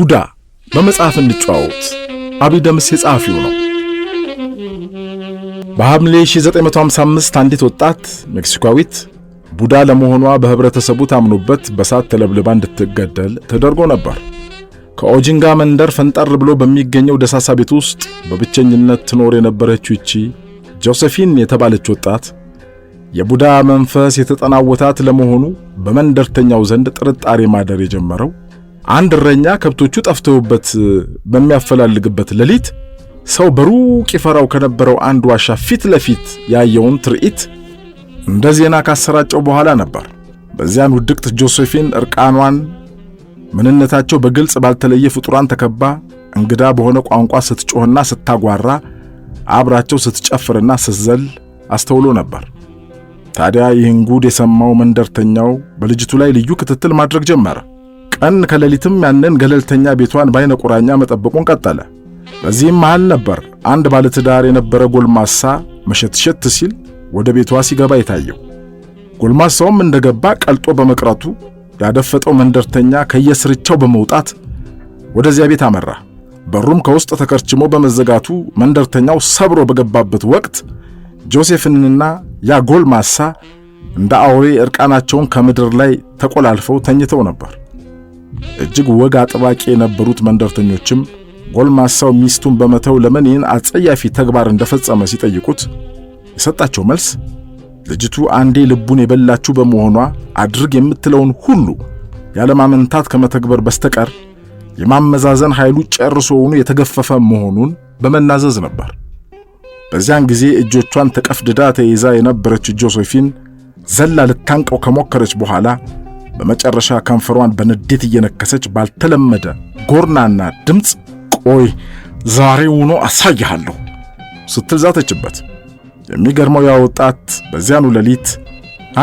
ቡዳ በመጽሐፍ እንጫወት አብይ ደምሴ ጸሐፊው ነው። በሐምሌ 1955 አንዲት ወጣት ሜክሲካዊት ቡዳ ለመሆኗ በህብረተሰቡ ታምኖበት በሳት ተለብልባ እንድትገደል ተደርጎ ነበር። ከኦጂንጋ መንደር ፈንጠር ብሎ በሚገኘው ደሳሳ ቤት ውስጥ በብቸኝነት ትኖር የነበረችው ይቺ ጆሴፊን የተባለች ወጣት የቡዳ መንፈስ የተጠናወታት ለመሆኑ በመንደርተኛው ዘንድ ጥርጣሬ ማደር የጀመረው አንድ እረኛ ከብቶቹ ጠፍተውበት በሚያፈላልግበት ሌሊት ሰው በሩቅ ይፈራው ከነበረው አንድ ዋሻ ፊት ለፊት ያየውን ትርኢት እንደ ዜና ካሰራጨው በኋላ ነበር። በዚያን ውድቅት ጆሴፊን እርቃኗን ምንነታቸው በግልጽ ባልተለየ ፍጡራን ተከባ እንግዳ በሆነ ቋንቋ ስትጮህና ስታጓራ አብራቸው ስትጨፍርና ስትዘል አስተውሎ ነበር። ታዲያ ይህን ጉድ የሰማው መንደርተኛው በልጅቱ ላይ ልዩ ክትትል ማድረግ ጀመረ። ቀን ከሌሊትም ያንን ገለልተኛ ቤቷን ባይነ ቁራኛ መጠበቁን ቀጠለ። በዚህም መሃል ነበር አንድ ባለትዳር የነበረ ጎልማሳ መሸትሸት ሲል ወደ ቤቷ ሲገባ የታየው። ጎልማሳውም እንደገባ ቀልጦ በመቅረቱ ያደፈጠው መንደርተኛ ከየስርቻው በመውጣት ወደዚያ ቤት አመራ። በሩም ከውስጥ ተከርችሞ በመዘጋቱ መንደርተኛው ሰብሮ በገባበት ወቅት ጆሴፍንና ያ ጎልማሳ እንደ አውሬ እርቃናቸውን ከምድር ላይ ተቆላልፈው ተኝተው ነበር። እጅግ ወግ አጥባቂ የነበሩት መንደርተኞችም ጎልማሳው ሚስቱን በመተው ለምን ይህን አጸያፊ ተግባር እንደፈጸመ ሲጠይቁት የሰጣቸው መልስ ልጅቱ አንዴ ልቡን የበላችው በመሆኗ አድርግ የምትለውን ሁሉ ያለማመንታት ከመተግበር በስተቀር የማመዛዘን ኃይሉ ጨርሶውኑ የተገፈፈ መሆኑን በመናዘዝ ነበር። በዚያን ጊዜ እጆቿን ተቀፍድዳ ተይዛ የነበረች ጆሴፊን ዘላ ልታንቀው ከሞከረች በኋላ በመጨረሻ ከንፈሯን በንዴት እየነከሰች ባልተለመደ ጎርናና ድምፅ ቆይ ዛሬ አሳይሃለሁ ስትል ዛተችበት። የሚገርመው ያ ወጣት በዚያኑ ሌሊት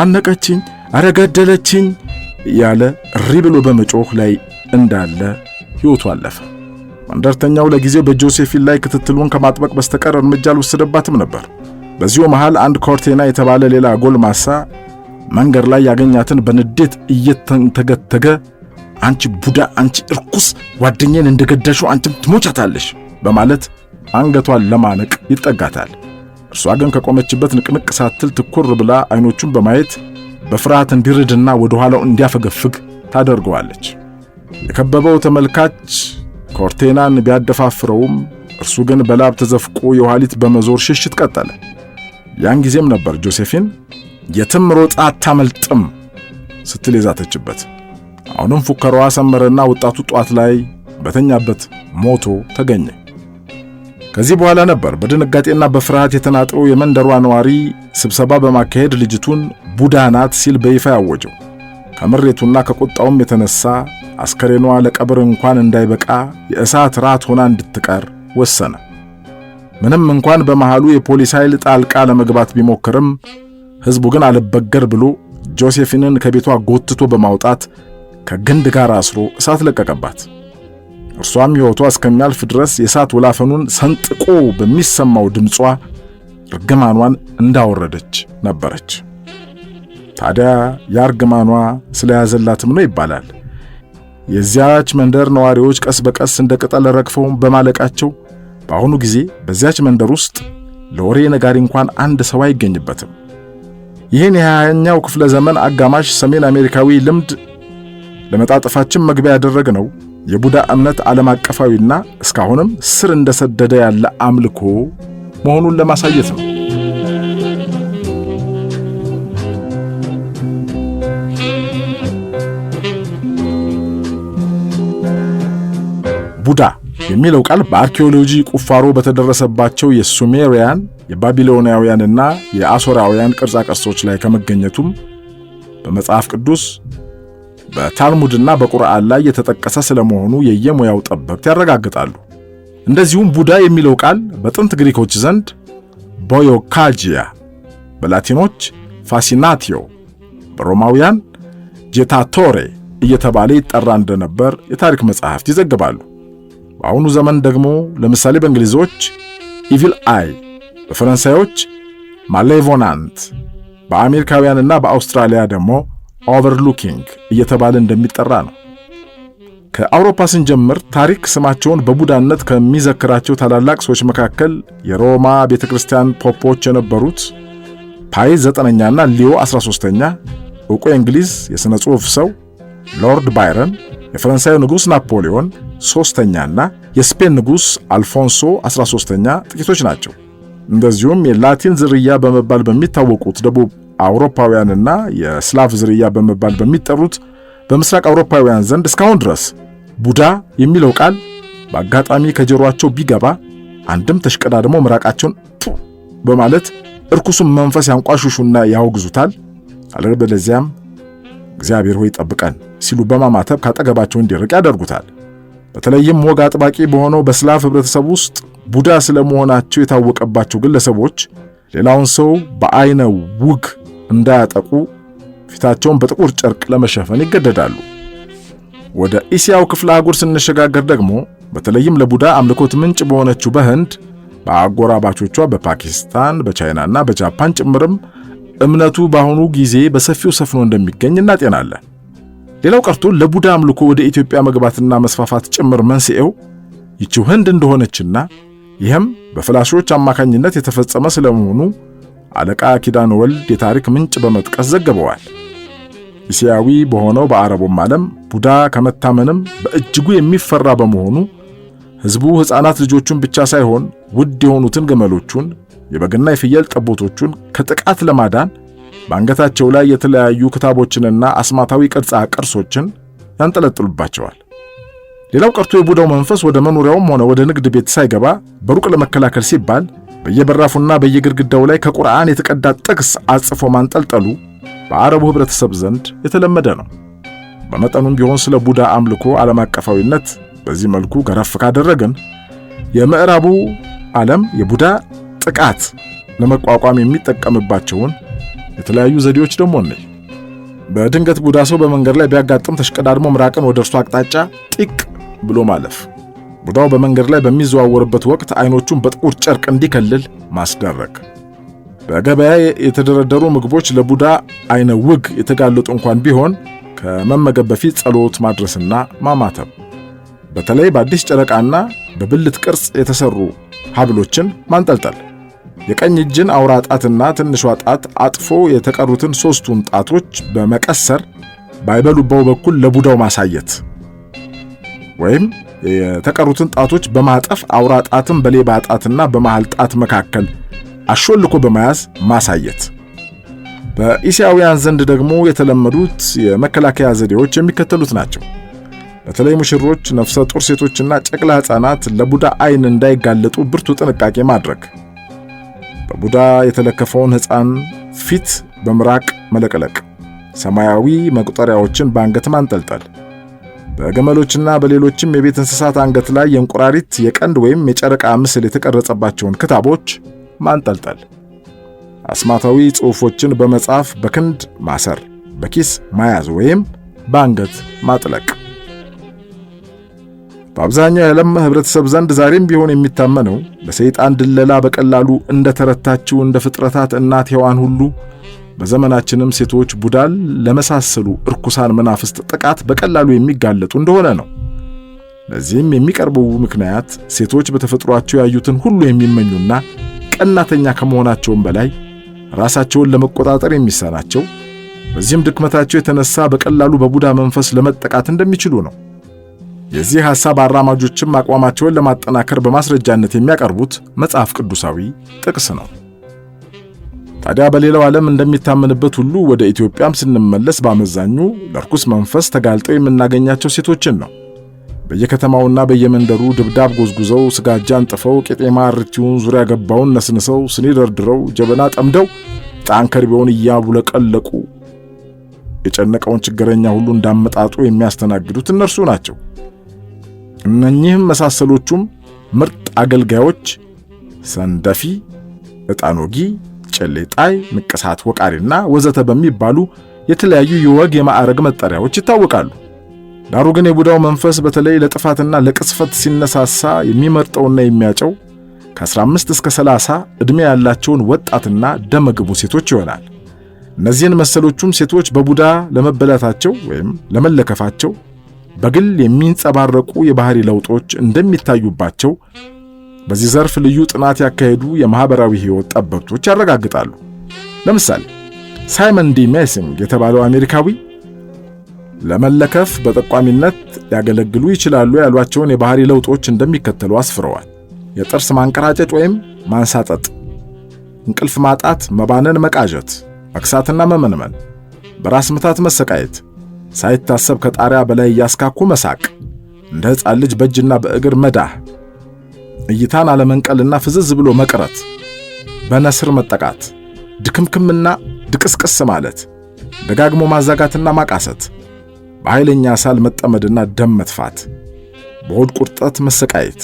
አነቀችኝ፣ አረገደለችኝ ያለ እሪ ብሎ በመጮህ ላይ እንዳለ ሕይወቱ አለፈ። መንደርተኛው ለጊዜው በጆሴፊን ላይ ክትትሉን ከማጥበቅ በስተቀር እርምጃ አልወሰደባትም ነበር። በዚሁ መሃል አንድ ኮርቴና የተባለ ሌላ ጎልማሳ መንገድ ላይ ያገኛትን በንዴት እየተንተገተገ አንቺ ቡዳ፣ አንቺ እርኩስ፣ ጓደኛን እንደገደሹ አንቺም ትሞቻታለሽ በማለት አንገቷን ለማነቅ ይጠጋታል። እርሷ ግን ከቆመችበት ንቅንቅ ሳትል ትኩር ብላ አይኖቹን በማየት በፍርሃት እንዲርድና ወደ ኋላው እንዲያፈገፍግ ታደርገዋለች። የከበበው ተመልካች ኮርቴናን ቢያደፋፍረውም እርሱ ግን በላብ ተዘፍቆ የኋሊት በመዞር ሽሽት ቀጠለ። ያን ጊዜም ነበር ጆሴፊን የትም ሮጣ አታመልጥም ስትል የዛተችበት። አሁንም ፉከራዋ ሰመረና ወጣቱ ጧት ላይ በተኛበት ሞቶ ተገኘ። ከዚህ በኋላ ነበር በድንጋጤና በፍርሃት የተናጠው የመንደሯ ነዋሪ ስብሰባ በማካሄድ ልጅቱን ቡዳ ናት ሲል በይፋ ያወጀው። ከምሬቱና ከቁጣውም የተነሳ አስከሬኗ ለቀብር እንኳን እንዳይበቃ የእሳት ራት ሆና እንድትቀር ወሰነ። ምንም እንኳን በመሃሉ የፖሊስ ኃይል ጣልቃ ለመግባት ቢሞክርም ሕዝቡ ግን አልበገር ብሎ ጆሴፊንን ከቤቷ ጎትቶ በማውጣት ከግንድ ጋር አስሮ እሳት ለቀቀባት። እርሷም ሕይወቷ እስከሚያልፍ ድረስ የእሳት ወላፈኑን ሰንጥቆ በሚሰማው ድምጿ እርግማኗን እንዳወረደች ነበረች። ታዲያ ያ እርግማኗ ስለያዘላትም ነው ይባላል። የዚያች መንደር ነዋሪዎች ቀስ በቀስ እንደ ቅጠል ረግፈው በማለቃቸው በአሁኑ ጊዜ በዚያች መንደር ውስጥ ለወሬ ነጋሪ እንኳን አንድ ሰው አይገኝበትም። ይህን የሃያኛው ክፍለ ዘመን አጋማሽ ሰሜን አሜሪካዊ ልምድ ለመጣጠፋችን መግቢያ ያደረግ ነው። የቡዳ እምነት ዓለም አቀፋዊና እስካሁንም ስር እንደሰደደ ያለ አምልኮ መሆኑን ለማሳየት ነው። ቡዳ የሚለው ቃል በአርኪኦሎጂ ቁፋሮ በተደረሰባቸው የሱሜሪያን የባቢሎናውያንና የአሶራውያን ቅርጻ ቅርጾች ላይ ከመገኘቱም በመጽሐፍ ቅዱስ በታልሙድና በቁርአን ላይ የተጠቀሰ ስለመሆኑ የየሙያው ጠበብት ያረጋግጣሉ። እንደዚሁም ቡዳ የሚለው ቃል በጥንት ግሪኮች ዘንድ ቦዮካጂያ፣ በላቲኖች ፋሲናቲዮ፣ በሮማውያን ጄታቶሬ እየተባለ ይጠራ እንደነበር የታሪክ መጽሐፍት ይዘግባሉ። በአሁኑ ዘመን ደግሞ ለምሳሌ በእንግሊዞች ኢቪል አይ በፈረንሳዮች ማሌቮናንት በአሜሪካውያንና በአውስትራሊያ ደግሞ ኦቨርሉኪንግ እየተባለ እንደሚጠራ ነው። ከአውሮፓ ስንጀምር ታሪክ ስማቸውን በቡዳነት ከሚዘክራቸው ታላላቅ ሰዎች መካከል የሮማ ቤተክርስቲያን ፖፖች የነበሩት ፓይስ ዘጠነኛና ሊዮ 13ኛ፣ ዕውቁ የእንግሊዝ የሥነ ጽሑፍ ሰው ሎርድ ባይረን፣ የፈረንሳዩ ንጉሥ ናፖሊዮን ሦስተኛና የስፔን ንጉሥ አልፎንሶ 13ኛ ጥቂቶች ናቸው። እንደዚሁም የላቲን ዝርያ በመባል በሚታወቁት ደቡብ አውሮፓውያንና የስላቭ ዝርያ በመባል በሚጠሩት በምስራቅ አውሮፓውያን ዘንድ እስካሁን ድረስ ቡዳ የሚለው ቃል በአጋጣሚ ከጆሮአቸው ቢገባ አንድም ተሽቀዳድሞ ምራቃቸውን በማለት እርኩሱን መንፈስ ያንቋሽሹና ያወግዙታል። አለበለዚያም እግዚአብሔር ሆይ ጠብቀን ሲሉ በማማተብ ካጠገባቸው እንዲርቅ ያደርጉታል። በተለይም ወግ አጥባቂ በሆነው በስላፍ ህብረተሰብ ውስጥ ቡዳ ስለመሆናቸው የታወቀባቸው ግለሰቦች ሌላውን ሰው በአይነ ውግ እንዳያጠቁ ፊታቸውን በጥቁር ጨርቅ ለመሸፈን ይገደዳሉ። ወደ እስያው ክፍለ አህጉር ስንሸጋገር ደግሞ በተለይም ለቡዳ አምልኮት ምንጭ በሆነችው በህንድ በአጎራባቾቿ በፓኪስታን በቻይናና በጃፓን ጭምርም እምነቱ በአሁኑ ጊዜ በሰፊው ሰፍኖ እንደሚገኝ እናጤናለን። ሌላው ቀርቶ ለቡዳ አምልኮ ወደ ኢትዮጵያ መግባትና መስፋፋት ጭምር መንስኤው ይቺው ህንድ እንደሆነችና ይህም በፍላሾች አማካኝነት የተፈጸመ ስለመሆኑ አለቃ ኪዳን ወልድ የታሪክ ምንጭ በመጥቀስ ዘግበዋል። እስያዊ በሆነው በአረቡም ዓለም ቡዳ ከመታመንም በእጅጉ የሚፈራ በመሆኑ ሕዝቡ ሕፃናት ልጆቹን ብቻ ሳይሆን ውድ የሆኑትን ግመሎቹን፣ የበግና የፍየል ጠቦቶቹን ከጥቃት ለማዳን በአንገታቸው ላይ የተለያዩ ክታቦችንና አስማታዊ ቅርጻ ቅርሶችን ያንጠለጥሉባቸዋል። ሌላው ቀርቶ የቡዳው መንፈስ ወደ መኖሪያውም ሆነ ወደ ንግድ ቤት ሳይገባ በሩቅ ለመከላከል ሲባል በየበራፉና በየግድግዳው ላይ ከቁርአን የተቀዳ ጥቅስ አጽፎ ማንጠልጠሉ በአረቡ ህብረተሰብ ዘንድ የተለመደ ነው። በመጠኑም ቢሆን ስለ ቡዳ አምልኮ ዓለም አቀፋዊነት በዚህ መልኩ ገረፍ ካደረግን የምዕራቡ ዓለም የቡዳ ጥቃት ለመቋቋም የሚጠቀምባቸውን የተለያዩ ዘዴዎች ደግሞ ነይ በድንገት ቡዳ ሰው በመንገድ ላይ ቢያጋጥም ተሽቀዳድሞ ምራቅን ወደ እርሱ አቅጣጫ ጢቅ ብሎ ማለፍ፣ ቡዳው በመንገድ ላይ በሚዘዋወርበት ወቅት አይኖቹን በጥቁር ጨርቅ እንዲከልል ማስደረግ፣ በገበያ የተደረደሩ ምግቦች ለቡዳ አይነ ውግ የተጋለጡ እንኳን ቢሆን ከመመገብ በፊት ጸሎት ማድረስና ማማተብ፣ በተለይ በአዲስ ጨረቃና በብልት ቅርጽ የተሰሩ ሀብሎችን ማንጠልጠል፣ የቀኝ እጅን አውራ ጣትና ትንሿ ጣት አጥፎ የተቀሩትን ሦስቱን ጣቶች በመቀሰር ባይበሉበው በኩል ለቡዳው ማሳየት ወይም የተቀሩትን ጣቶች በማጠፍ አውራ ጣትን በሌባ ጣትና በመሃል ጣት መካከል አሾልኮ በመያዝ ማሳየት። በኢሳያውያን ዘንድ ደግሞ የተለመዱት የመከላከያ ዘዴዎች የሚከተሉት ናቸው። በተለይ ሙሽሮች፣ ነፍሰ ጡር ሴቶችና ጨቅላ ሕፃናት ለቡዳ ዓይን እንዳይጋለጡ ብርቱ ጥንቃቄ ማድረግ፣ በቡዳ የተለከፈውን ሕፃን ፊት በምራቅ መለቅለቅ፣ ሰማያዊ መቁጠሪያዎችን በአንገት ማንጠልጠል በግመሎችና በሌሎችም የቤት እንስሳት አንገት ላይ የእንቁራሪት የቀንድ ወይም የጨረቃ ምስል የተቀረጸባቸውን ክታቦች ማንጠልጠል፣ አስማታዊ ጽሑፎችን በመጻፍ በክንድ ማሰር፣ በኪስ መያዝ ወይም በአንገት ማጥለቅ በአብዛኛው የዓለም ህብረተሰብ ዘንድ ዛሬም ቢሆን የሚታመነው ለሰይጣን ድለላ በቀላሉ እንደተረታችው እንደ ፍጥረታት እናት ሔዋን ሁሉ በዘመናችንም ሴቶች ቡዳል ለመሳሰሉ እርኩሳን መናፍስት ጥቃት በቀላሉ የሚጋለጡ እንደሆነ ነው። ለዚህም የሚቀርበው ምክንያት ሴቶች በተፈጥሯቸው ያዩትን ሁሉ የሚመኙና ቀናተኛ ከመሆናቸውም በላይ ራሳቸውን ለመቆጣጠር የሚሳናቸው በዚህም ድክመታቸው የተነሳ በቀላሉ በቡዳ መንፈስ ለመጠቃት እንደሚችሉ ነው። የዚህ ሐሳብ አራማጆችም አቋማቸውን ለማጠናከር በማስረጃነት የሚያቀርቡት መጽሐፍ ቅዱሳዊ ጥቅስ ነው። ታዲያ በሌላው ዓለም እንደሚታመንበት ሁሉ ወደ ኢትዮጵያም ስንመለስ በአመዛኙ ለርኩስ መንፈስ ተጋልጠው የምናገኛቸው ሴቶችን ነው። በየከተማውና በየመንደሩ ድብዳብ ጎዝጉዘው፣ ስጋጃ አንጥፈው፣ ቄጤማ አርቲውን ዙሪያ ገባውን ነስንሰው፣ ስኒ ደርድረው፣ ጀበና ጠምደው፣ ዕጣን ከርቤውን እያቡለቀለቁ የጨነቀውን ችግረኛ ሁሉ እንዳመጣጡ የሚያስተናግዱት እነርሱ ናቸው። እነኚህም መሳሰሎቹም ምርጥ አገልጋዮች ሰንደፊ፣ ዕጣኖጊ፣ ጨሌ ጣይ፣ ንቅሳት፣ ወቃሪና ወዘተ በሚባሉ የተለያዩ የወግ የማዕረግ መጠሪያዎች ይታወቃሉ። ዳሩ ግን የቡዳው መንፈስ በተለይ ለጥፋትና ለቅስፈት ሲነሳሳ የሚመርጠውና የሚያጨው ከ15 እስከ 30 ዕድሜ ያላቸውን ወጣትና ደመግቡ ሴቶች ይሆናል። እነዚህን መሰሎቹም ሴቶች በቡዳ ለመበላታቸው ወይም ለመለከፋቸው በግል የሚንጸባረቁ የባህሪ ለውጦች እንደሚታዩባቸው በዚህ ዘርፍ ልዩ ጥናት ያካሄዱ የማህበራዊ ህይወት ጠበብቶች ያረጋግጣሉ። ለምሳሌ ሳይመን ዲ ሜሲንግ የተባለው አሜሪካዊ ለመለከፍ በጠቋሚነት ሊያገለግሉ ይችላሉ ያሏቸውን የባህሪ ለውጦች እንደሚከተሉ አስፍረዋል። የጥርስ ማንቀራጨት ወይም ማንሳጠጥ፣ እንቅልፍ ማጣት፣ መባነን፣ መቃዠት፣ መክሳትና መመንመን፣ በራስ ምታት መሰቃየት፣ ሳይታሰብ ከጣሪያ በላይ እያስካኩ መሳቅ፣ እንደ ሕፃን ልጅ በእጅና በእግር መዳህ እይታን አለመንቀልና ፍዝዝ ብሎ መቅረት፣ በነስር መጠቃት፣ ድክምክምና ድቅስቅስ ማለት፣ ደጋግሞ ማዛጋትና ማቃሰት፣ በኃይለኛ ሳል መጠመድና ደም መትፋት፣ በሆድ ቁርጠት መሰቃየት፣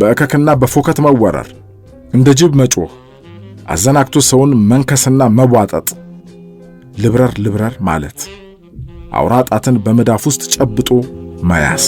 በእከክና በፎከት መወረር፣ እንደ ጅብ መጮህ፣ አዘናግቶ ሰውን መንከስና መቧጠጥ፣ ልብረር ልብረር ማለት፣ አውራ ጣትን በመዳፍ ውስጥ ጨብጦ መያዝ